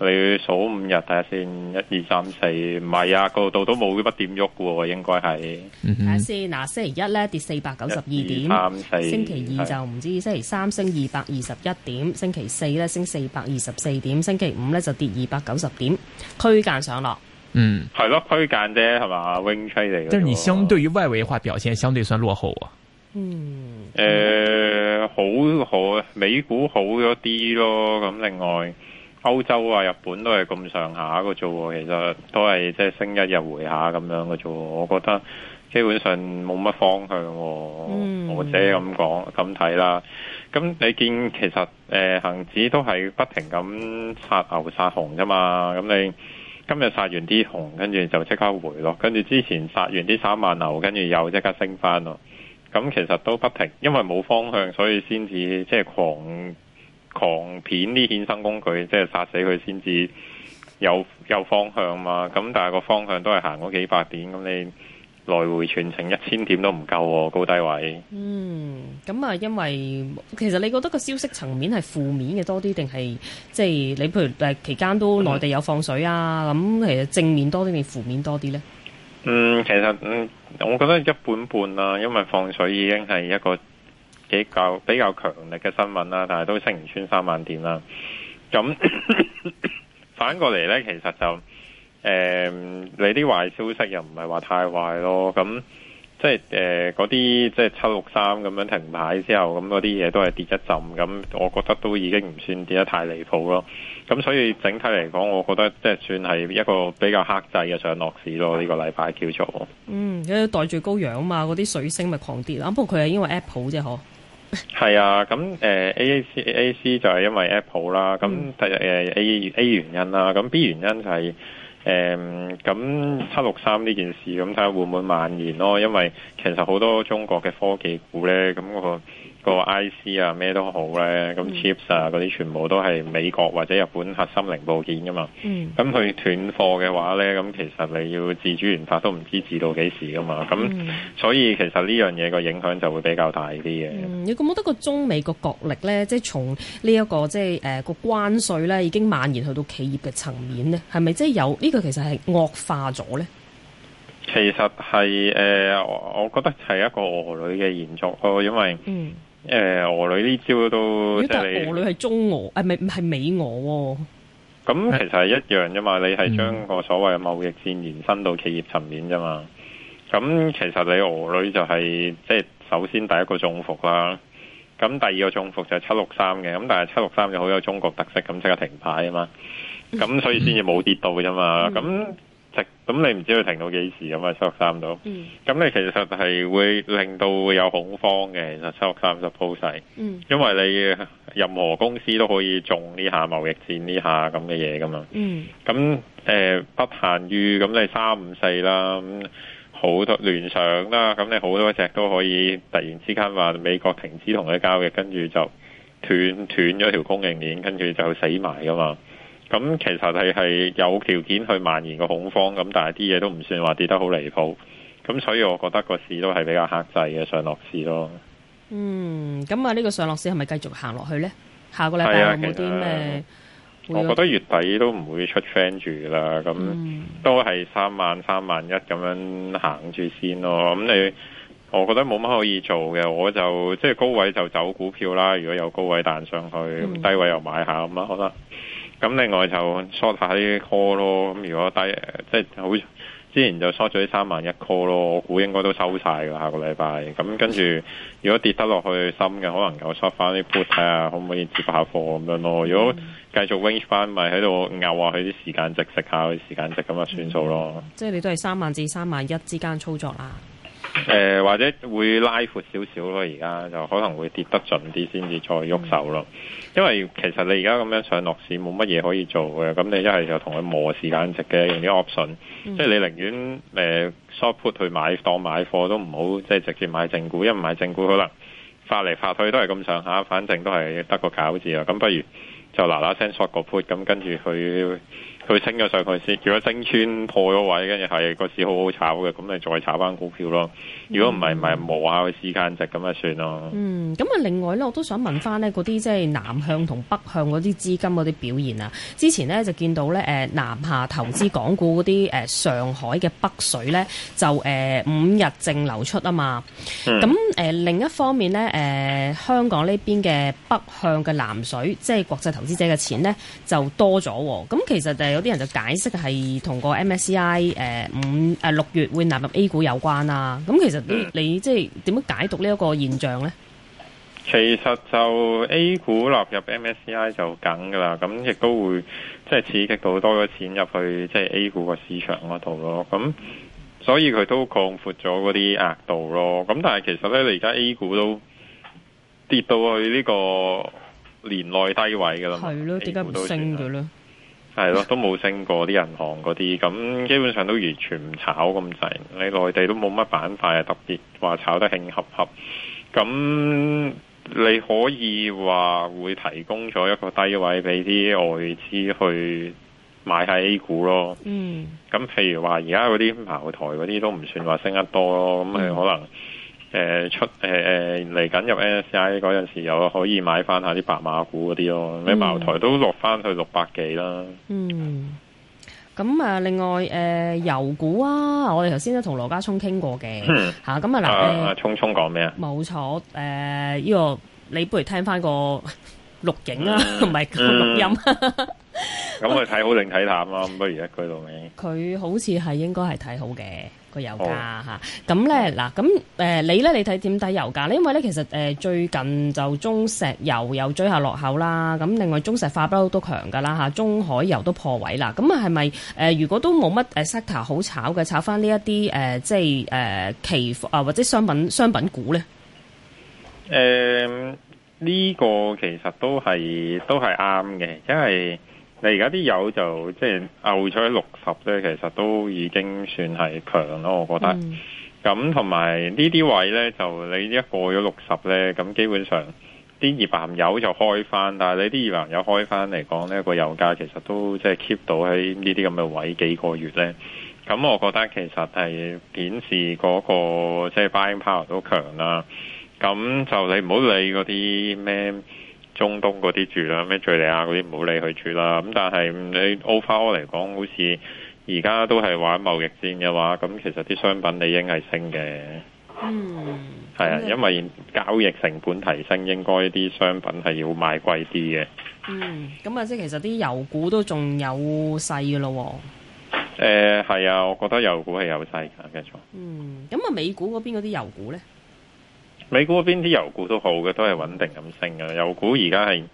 你數五日睇下先，一二三四，唔係啊，個度都冇乜點喐喎，應該係睇下先。嗱，星期一咧跌四百九十二點，1, 2, 3, 4, 星期二就唔知，星期三升二百二十一點，星期四咧升四百二十四點，星期五咧就跌二百九十點，區間上落。嗯，係咯，區間啫，係嘛，wing 期嚟嘅。即係你相對於外圍嘅話表現，相對算落後啊。嗯，誒、嗯呃，好好啊，美股好咗啲咯，咁另外。歐洲啊，日本都係咁上下嘅啫，其實都係即係升一日回下咁樣嘅啫。我覺得基本上冇乜方向，嗯、我只係咁講咁睇啦。咁你見其實誒恒、呃、指都係不停咁殺牛殺熊啫嘛。咁你今日殺完啲熊，跟住就即刻回落，跟住之前殺完啲三萬牛，跟住又即刻升翻咯。咁其實都不停，因為冇方向，所以先至即係狂。狂片啲衍生工具，即係殺死佢先至有有方向啊嘛？咁但係個方向都係行嗰幾百點，咁你來回全程一千點都唔夠、啊、高低位。嗯，咁啊，因為其實你覺得個消息層面係負面嘅多啲，定係即係你譬如誒期間都內地有放水啊？咁、嗯、其實正面多啲定負面多啲咧？嗯，其實嗯，我覺得一半半啦、啊，因為放水已經係一個。比較比較強力嘅新聞啦，但係都升唔穿三萬點啦。咁 反過嚟呢，其實就誒、呃、你啲壞消息又唔係話太壞咯。咁即係誒嗰啲即係七六三咁樣停牌之後，咁嗰啲嘢都係跌一浸。咁我覺得都已經唔算跌得太離譜咯。咁所以整體嚟講，我覺得即係算係一個比較克制嘅上落市咯。呢、這個禮拜叫做嗯，因為待住高陽啊嘛，嗰啲水星咪狂跌啦。不過佢係因為 Apple 啫，嗬。係 啊，咁誒、呃、A A C A C 就係因為 Apple 啦，咁第誒 A A 原因啦，咁 B 原因就係誒咁七六三呢件事，咁睇下會唔會蔓延咯，因為其實好多中國嘅科技股咧，咁個。個 IC 啊咩都好咧，咁、嗯、chips 啊嗰啲全部都係美國或者日本核心零部件噶嘛。咁佢斷貨嘅話咧，咁其實你要自主研發都唔知至到幾時噶嘛。咁、嗯、所以其實呢樣嘢個影響就會比較大啲嘅、嗯。你覺唔覺得個中美個角力咧，即係從呢一個即係誒個關稅咧，已經蔓延去到企業嘅層面咧，係咪即係有呢、這個其實係惡化咗咧？其實係誒、呃，我覺得係一個俄女嘅延續咯，因為嗯。誒、呃，俄女呢招都俄女係中俄，誒唔係唔係美俄。哦。咁其實係一樣啫嘛，你係將個所謂貿易戰延伸到企業層面啫嘛。咁其實你俄女就係即係首先第一個中伏啦。咁第二個中伏就係七六三嘅，咁但係七六三就好有中國特色，咁即刻停牌啊嘛。咁所以先至冇跌到啫嘛。咁。 咁你唔知佢停到幾時咁啊？七六三度，咁、嗯、你其實係會令到會有恐慌嘅，其實七六三十拋勢，因為你任何公司都可以中呢下貿易戰呢下咁嘅嘢噶嘛。咁、嗯、誒、呃，不限於咁，你三五四啦，好多聯想啦，咁你好多隻都可以突然之間話美國停止同佢交易，跟住就斷斷咗條供應鏈，跟住就死埋噶嘛。咁其實係係有條件去蔓延個恐慌咁，但係啲嘢都唔算話跌得好離譜，咁所以我覺得個市都係比較克制嘅上落市咯。嗯，咁啊，呢個上落市係咪繼續行落去呢？下個禮拜有冇啲咩？我覺得月底都唔會出 friend 住啦，咁、嗯、都係三萬三萬一咁樣行住先咯。咁你，我覺得冇乜可以做嘅，我就即係高位就走股票啦。如果有高位彈上去、嗯，低位又買下咁啦，好啦。咁另外就 short 下啲 call 咯，咁如果低即係好，之前就 short 咗啲三萬一 call 咯，我估應該都收晒㗎，下個禮拜。咁跟住如果跌得落去深嘅，可能又 short 翻啲 put 睇下可唔可以接下貨咁樣咯。如果繼續 range 翻，咪喺度拗下佢啲時間值，食下佢啲時間值咁啊，就算數咯。嗯，即係你都係三萬至三萬一之間操作啊？誒、 呃，或者會拉闊少少咯，而家就可能會跌得盡啲，先至再喐手咯。因為其實你而家咁樣上落市冇乜嘢可以做嘅，咁你一係就同佢磨時間值嘅，用啲 option、嗯、即係你寧願誒 short put 去買當買貨都唔好，即係直接買正股，一唔買正股可能發嚟發去都係咁上下，反正都係得個搞字啊。咁不如就嗱嗱聲 short 個 put，咁跟住去。佢升咗上去先，如果升穿破咗位，跟住係個市好好炒嘅，咁你再炒翻股票咯。如果唔係唔係磨下個時間值咁啊算咯。嗯，咁啊另外咧，我都想問翻咧嗰啲即係南向同北向嗰啲資金嗰啲表現啊。之前咧就見到咧誒南下投資港股嗰啲誒上海嘅北水咧就誒、呃、五日淨流出啊嘛。咁、嗯、誒、呃、另一方面咧誒、呃、香港呢邊嘅北向嘅南水，即係國際投資者嘅錢咧就多咗喎。咁其實就。有啲人就解釋係同個 MSCI 誒五誒六月會納入 A 股有關啦。咁其實你你即係點樣解讀呢一個現象咧？其實就 A 股納入 MSCI 就梗噶啦，咁亦都會即係刺激到多咗錢入去即係 A 股個市場嗰度咯。咁所以佢都擴闊咗嗰啲額度咯。咁但係其實咧，你而家 A 股都跌到去呢個年內低位㗎啦。係咯，點解唔升嘅咧？係咯，都冇升過啲銀行嗰啲，咁基本上都完全唔炒咁滯。你內地都冇乜板塊啊，特別話炒得興合合，咁你可以話會提供咗一個低位俾啲外資去買下 A 股咯。嗯。咁譬如話而家嗰啲茅台嗰啲都唔算話升得多咯，咁係可能。誒、呃，出誒誒嚟緊入 NSI 嗰陣時，又可以買翻下啲白馬股嗰啲咯，你茅台都落翻去六百幾啦。嗯，咁啊、嗯嗯嗯，另外誒、呃，油股啊，我哋頭先都同羅家聰傾過嘅吓，咁啊嗱，聰聰講咩啊？冇、啊、錯，誒、啊，呢、啊啊這個你不如聽翻個錄影啊，唔係錄音、啊。咁佢睇好定睇淡咯、啊？咁而家佢到未？佢好似係應該係睇好嘅。個油價吓，咁咧嗱，咁誒你咧，你睇點睇油價咧？因為咧，其實誒、呃、最近就中石油又追下落後啦，咁另外中石化都都強噶啦吓，中海油都破位啦。咁啊係咪誒如果都冇乜誒 sector 好炒嘅，炒翻呢一啲誒即係誒期貨啊或者商品商品股咧？誒、呃、呢、呢個其實都係都係啱嘅，因為你而家啲油就即係牛出六十咧，其實都已經算係強咯，我覺得。咁同埋呢啲位咧，就你一過咗六十咧，咁基本上啲二噚油就開翻，但係你啲二噚油開翻嚟講咧，個油價其實都即係、就是、keep 到喺呢啲咁嘅位幾個月咧。咁我覺得其實係顯示嗰個即係、就是、buying power 都強啦。咁就你唔好理嗰啲咩。中東嗰啲住啦，咩敘利亞嗰啲唔好理佢住啦。咁但係你 overall 嚟講，好似而家都係玩貿易戰嘅話，咁其實啲商品理應係升嘅。嗯，係啊、嗯，因為交易成本提升，應該啲商品係要賣貴啲嘅。嗯，咁啊，即係其實啲油股都仲有勢嘅咯。誒、嗯，係啊，我覺得油股係有勢㗎，繼續。嗯，咁啊，美股嗰邊嗰啲油股咧？美股邊啲油股都好嘅，都係穩定咁升嘅。油股而家係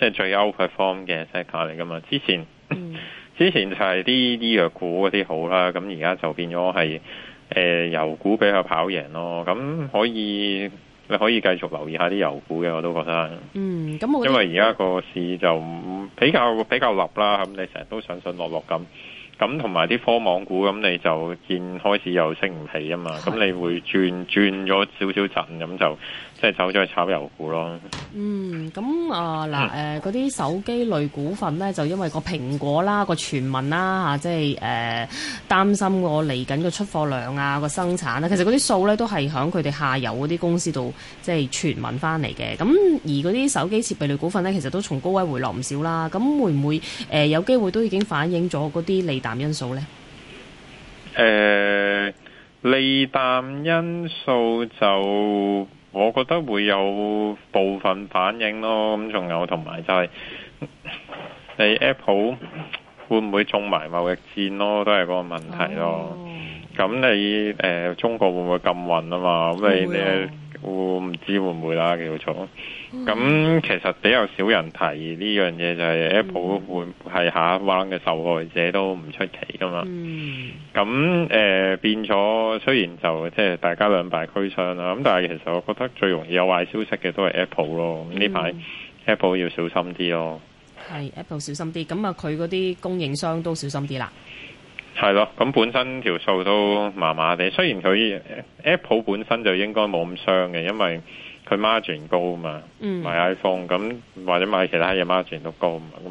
即係最 overform 嘅 s 世界嚟噶嘛之前，嗯、之前就係啲醫藥股嗰啲好啦，咁而家就變咗係誒油股比較跑贏咯。咁可以你可以繼續留意一下啲油股嘅，我都覺得嗯咁、嗯，因為而家個市就比較、嗯、比較立啦，咁、嗯、你成日都上上落落咁。咁同埋啲科網股咁，你就見，開始又升唔起啊嘛，咁你會轉，轉咗少少陣，咁就即係走咗去炒油股咯。嗯，咁啊嗱，誒嗰啲手機類股份咧，就因為個蘋果啦，個傳聞啦吓，啊，即係誒擔心我嚟緊個出貨量啊，個生產啦、啊、其實嗰啲數咧都係響佢哋下游嗰啲公司度即係傳聞翻嚟嘅。咁而嗰啲手機設備類股份咧，其實都從高位回落唔少啦。咁會唔會誒、呃、有機會都已經反映咗嗰啲嚟？淡因素咧？誒利淡因素就，我覺得會有部分反應咯。咁仲有同埋就係，你 Apple 會唔會中埋貿易戰咯？都係個問題咯。咁你誒中國會唔會禁運啊？嘛咁你咧？我唔知會唔會啦，叫做咁其實比較少人提呢樣嘢，就係 Apple 會係、嗯、下一波嘅受害者都唔出奇噶嘛。咁、嗯、誒、呃、變咗，雖然就即係大家兩敗俱傷啦。咁但係其實我覺得最容易有壞消息嘅都係 Apple 咯。呢、嗯、排 Apple 要小心啲咯。係 Apple 小心啲，咁啊佢嗰啲供應商都小心啲啦。係咯，咁本身條數都麻麻地。雖然佢 Apple 本身就應該冇咁傷嘅，因為佢 margin 高啊嘛、嗯，買 iPhone 咁或者買其他嘢 margin 都高啊嘛。咁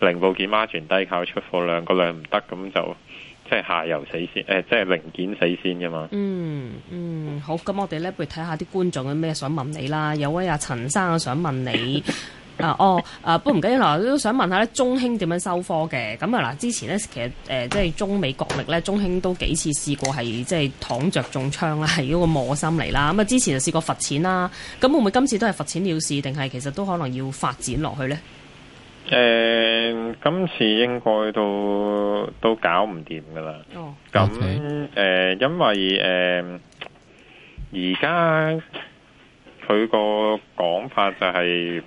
你零部件 margin 低，靠出貨量、個量唔得，咁就即係、即係、下游死先，即、欸、係、即係、零件死先噶嘛。嗯嗯，好，咁我哋咧不如睇下啲觀眾有咩想問你啦。有位阿陳生啊，想問你。 啊哦！啊，不過唔緊要啦，都想問下咧，中興點樣收科嘅？咁啊嗱，之前咧其實、呃、即係中美國力咧，中興都幾次試過係即係躺着中槍啦，係嗰個磨心嚟啦。咁啊，之前就試過罰錢啦。咁會唔會今次都係罰錢了事，定係其實都可能要發展落去咧？誒、呃，今次應該都都搞唔掂㗎啦。哦，咁誒、okay. 呃，因為誒，而家佢個講法就係、是，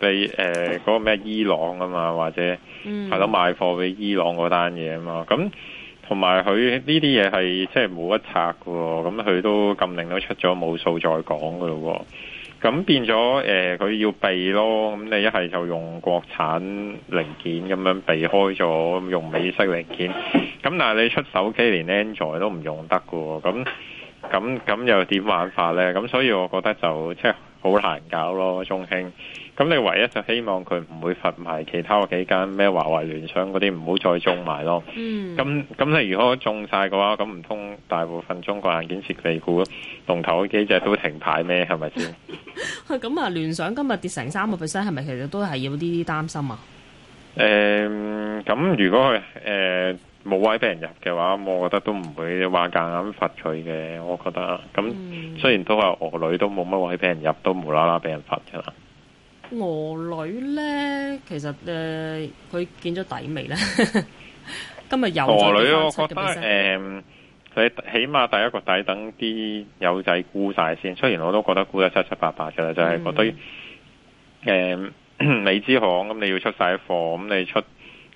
俾嗰、呃嗰個咩伊朗啊嘛，或者係咯賣貨俾伊朗嗰單嘢啊嘛，咁同埋佢呢啲嘢係即係冇得拆㗎喎，咁佢都禁令都出咗冇數再講㗎咯喎，咁變咗誒佢要避咯，咁你一係就用國產零件咁樣避開咗，用美式零件，咁但係你出手機連 Android 都唔用得㗎喎，咁咁咁又點玩法咧？咁所以我覺得就即係好難搞咯，中興。咁你唯一就希望佢唔會罰埋其他嘅幾間咩華為、聯想嗰啲唔好再中埋咯。咁、嗯、咁你如果中晒嘅話，咁唔通大部分中國硬件設備股龍頭嗰幾隻都停牌咩？係咪先？咁、嗯、啊，聯想今日跌成三個 percent，係咪其實都係有啲擔心啊？誒、呃，咁如果佢誒冇位俾人入嘅話，我覺得都唔會話夾硬罰佢嘅。我覺得咁、嗯、雖然都係鵝女，都冇乜位俾人入，都無啦啦俾人罰噶啦。俄女呢，其實誒，佢、呃、見咗底未呢？ 今日友女我覺得、呃、起碼第一個底等啲友仔沽曬先。雖然我都覺得沽得七七八八嘅啦，就係、是、覺得誒美資行咁你要出曬貨，咁你出，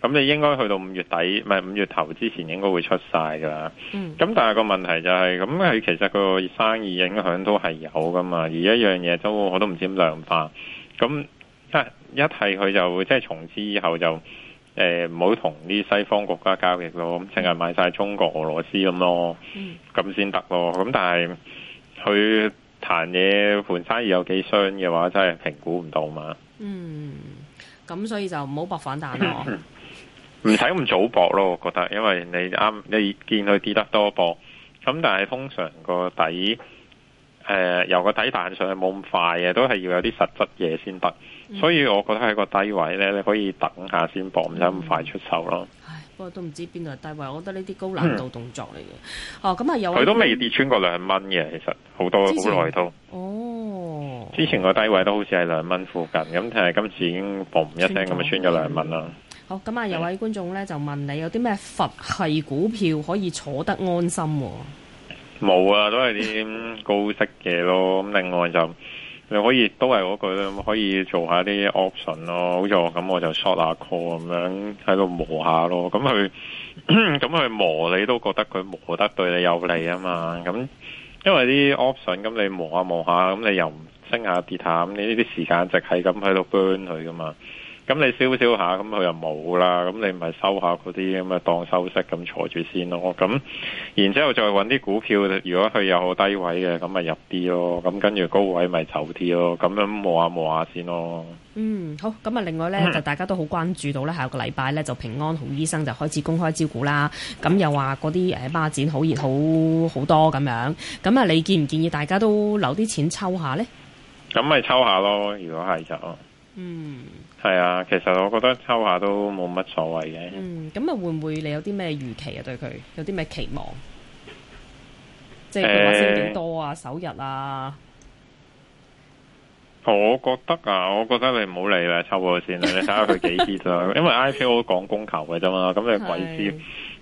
咁你應該去到五月底唔係五月頭之前應該會出曬噶啦。咁、嗯、但係個問題就係、是，咁佢其實個生意影響都係有噶嘛，而一樣嘢都我都唔知點量化。咁一一係佢就即係從此以後就誒唔好同啲西方國家交易咯，咁凈係買晒中國、俄羅斯咁咯，咁先得咯。咁但係佢彈嘢盤生意有幾傷嘅話，真係評估唔到嘛。嗯，咁所以就唔好搏反彈咯。唔使咁早搏咯，我覺得，因為你啱你見佢跌得多噃。咁但係通常個底。誒、呃，由個底彈上去冇咁快嘅，都係要有啲實質嘢先得，所以我覺得喺個低位咧，你可以等下先搏，唔使咁快出手咯。唉，不過都唔知邊度係低位，我覺得呢啲高難度動作嚟嘅，嗯。哦，咁啊有位。佢都未跌穿過兩蚊嘅，其實好多好耐都。哦。之前個低位都好似係兩蚊附近，咁但係今次已經嘣一聲咁啊穿咗兩蚊啦。好，咁啊有位觀眾咧就問，你有啲咩佛系股票可以坐得安心？冇啊，都係啲高息嘅咯。咁另外就你可以都係嗰句啦，可以做下啲 option 咯。好似咁我就 short 下 call 咁樣喺度磨下咯。咁佢咁佢磨你都覺得佢磨得對你有利啊嘛。咁因為啲 option 咁你磨下磨下，咁你又唔升下跌下，咁你呢啲時間值係咁喺度 burn 佢噶嘛。咁你燒燒下，咁佢又冇啦。咁你咪收下嗰啲咁啊，當收息咁坐住先咯。咁，然之後再搵啲股票，如果佢有好低位嘅，咁咪入啲咯。咁跟住高位咪走啲咯。咁樣摸下摸下先咯。嗯，好。咁啊，另外呢、嗯，就大家都好關注到呢。下個禮拜呢，就平安好醫生就開始公開招股啦。咁又話嗰啲誒孖展好熱，好好多咁樣。咁啊，你建唔建議大家都留啲錢抽下呢？咁咪抽下咯，如果係就。嗯。係啊，其實我覺得抽下都冇乜所謂嘅。嗯，咁啊會唔會你有啲咩預期啊？對佢有啲咩期望？即係升幾多啊、欸？首日啊？我覺得啊，我覺得你唔好嚟啦，抽下先啦，你睇下佢幾折啦。因為 IPO 講供求嘅啫嘛，咁你鬼知？是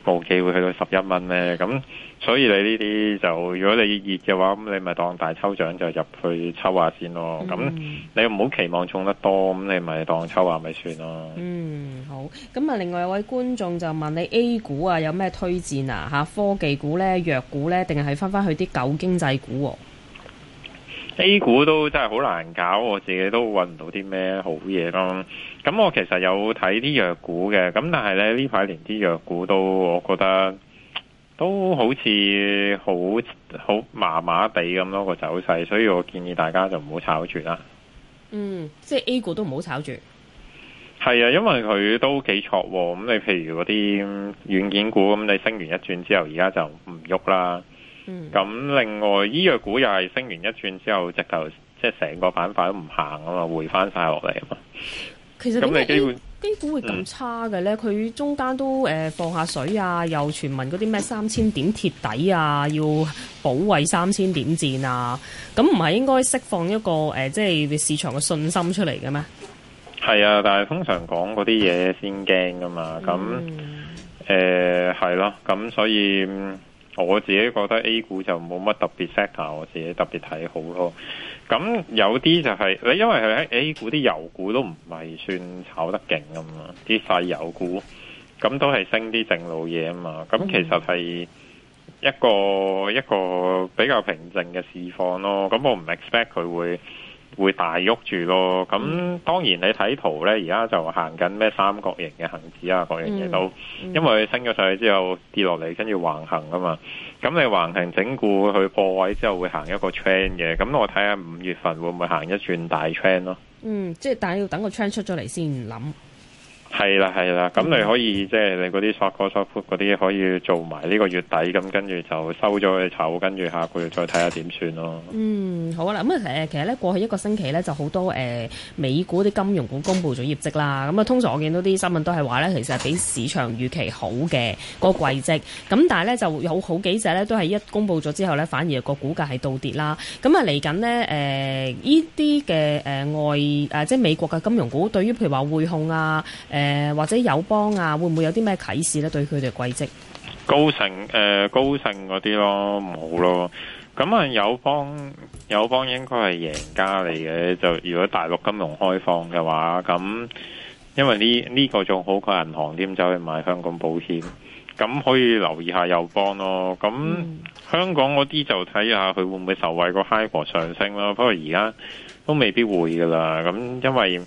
冇機會去到十一蚊咧，咁所以你呢啲就如果你熱嘅話，咁你咪當大抽獎就入去抽下先咯。咁、嗯、你唔好期望中得多，咁你咪當抽下咪算咯。嗯，好。咁啊，另外一位觀眾就問你 A 股啊，有咩推薦啊？嚇，科技股呢，藥股呢？定係係返返去啲舊經濟股、啊？A 股都真係好難搞，我自己都搵唔到啲咩好嘢咯。咁我其實有睇啲藥股嘅，咁但係呢呢排連啲藥股都，我覺得都好似好好麻麻地咁咯個走勢，所以我建議大家就唔好炒住啦。嗯，即係 A 股都唔好炒住。係啊，因為佢都幾錯咁。你譬如嗰啲軟件股，咁你升完一轉之後，而家就唔喐啦。咁、嗯、另外醫藥、這個、股又係升完一轉之後，直頭即係成個板塊都唔行啊嘛，回翻晒落嚟啊嘛。其實咁你基基本會咁差嘅咧，佢、嗯、中間都誒、呃、放下水啊，又傳聞嗰啲咩三千點鐵底啊，要保衛三千點戰啊，咁唔係應該釋放一個誒、呃、即係市場嘅信心出嚟嘅咩？係啊，但係通常講嗰啲嘢先驚噶嘛，咁誒係咯，咁、嗯呃啊、所以。我自己覺得 A 股就冇乜特別 sector，我自己特別睇好咯。咁有啲就係、是、你，因為佢喺 A 股啲油股都唔係算炒得勁啊嘛，啲細油股咁都係升啲正路嘢啊嘛。咁其實係一個一個比較平靜嘅市況咯。咁我唔 expect 佢會會大喐住咯，咁當然你睇圖咧，而家就行緊咩三角形嘅恒指啊，各樣嘢都，因為升咗上去之後跌落嚟，跟住橫行啊嘛，咁你橫行整固去破位之後會行一個 trend 嘅，咁我睇下五月份會唔會行一轉大 trend 咯？嗯，即係但係要等個 trend 出咗嚟先諗。係啦，係啦，咁、嗯、你可以即係、就是、你嗰啲 short 嗰啲可以做埋呢個月底咁，跟住就收咗去炒，跟住下個月再睇下點算咯。嗯，好啦，咁、嗯、其實呢，過去一個星期呢，就好多誒美股啲金融股公布咗業績啦，咁、嗯、啊通常我見到啲新聞都係話呢，其實係比市場預期好嘅個季績，咁、嗯、但係呢，就有好幾隻呢都係一公布咗之後呢，反而個股價係倒跌啦。咁啊嚟緊呢，誒呢啲嘅外即係美國嘅金融股對於譬如話匯控啊、呃或者友邦啊，會唔會有啲咩啟示呢？對佢哋嘅軌跡，高盛誒，高盛嗰啲咯唔好咯。咁啊，友邦友邦應該係贏家嚟嘅。就如果大陸金融開放嘅話，咁因為呢呢，這個仲好過銀行添，走去買香港保險。咁可以留意下友邦咯。咁、嗯、香港嗰啲就睇下佢會唔會受惠個 hyper 上升囉。不過而家都未必會噶啦。咁因為。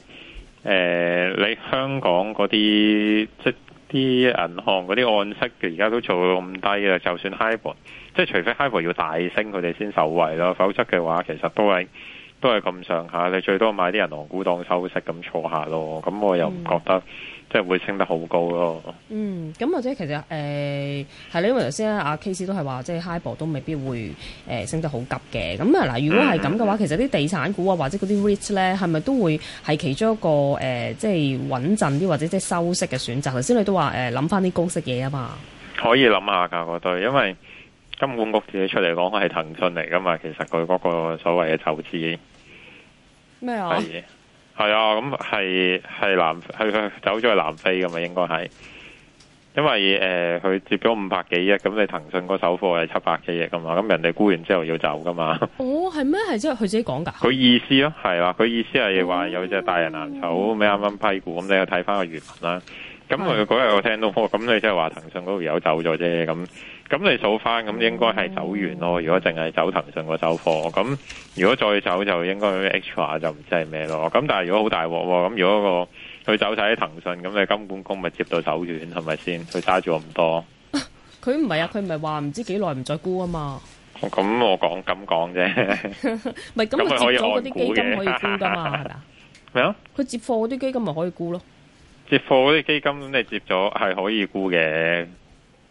誒、呃，你香港嗰啲即係啲銀行嗰啲按息嘅，而家都做到咁低啦。就算 HIBOR 即係除非 HIBOR 要大升，佢哋先受惠咯，否則嘅話，其實都係。都係咁上下，你最多買啲銀行股當收息咁坐下咯。咁我又唔覺得、嗯、即係會升得好高咯。嗯、咁、嗯、或者其實誒係咧，因為頭先阿 Case 都係話，即係 HIBOR 都未必會誒、呃、升得好急嘅。咁啊嗱，如果係咁嘅話、嗯，其實啲地產股啊，或者嗰啲 REIT 咧，係咪都會係其中一個誒、呃、即係穩陣啲，或者即係收息嘅選擇？頭先你都話誒諗翻啲高息嘢啊嘛。可以諗下噶，嗰對，因為。金管局自己出嚟講係騰訊嚟噶嘛？其實佢嗰個所謂嘅籌資咩啊？係啊，咁係係南係走咗去南非噶嘛？應該係，因為誒佢、呃、接咗五百幾億，咁你騰訊個首貨係七百幾億噶嘛？咁人哋沽完之後要走噶嘛？哦，係咩？係即係佢自己講噶？佢 意思咯，係啦，佢意思係話、嗯、有隻大人難走，咩啱啱批股。咁，你要睇翻個原文啦。咁佢嗰日我聽到，咁你即係話騰訊嗰度有走咗啫咁。咁你數翻，咁應該係走完咯。如果淨係走騰訊個走貨，咁如果再走就應該 HR 就唔知係咩咯。咁但係如果好大鑊喎，咁如果個佢走晒啲騰訊，咁你根本公咪接到手軟係咪先？佢揸住咁多，佢唔係啊，佢唔係話唔知幾耐唔再沽啊嘛。咁我講咁講啫，咪咁咪接咗嗰啲基金可以沽噶嘛？係咪啊？佢接貨嗰啲基金咪可以沽咯？接貨嗰啲基金你接咗係可以沽嘅。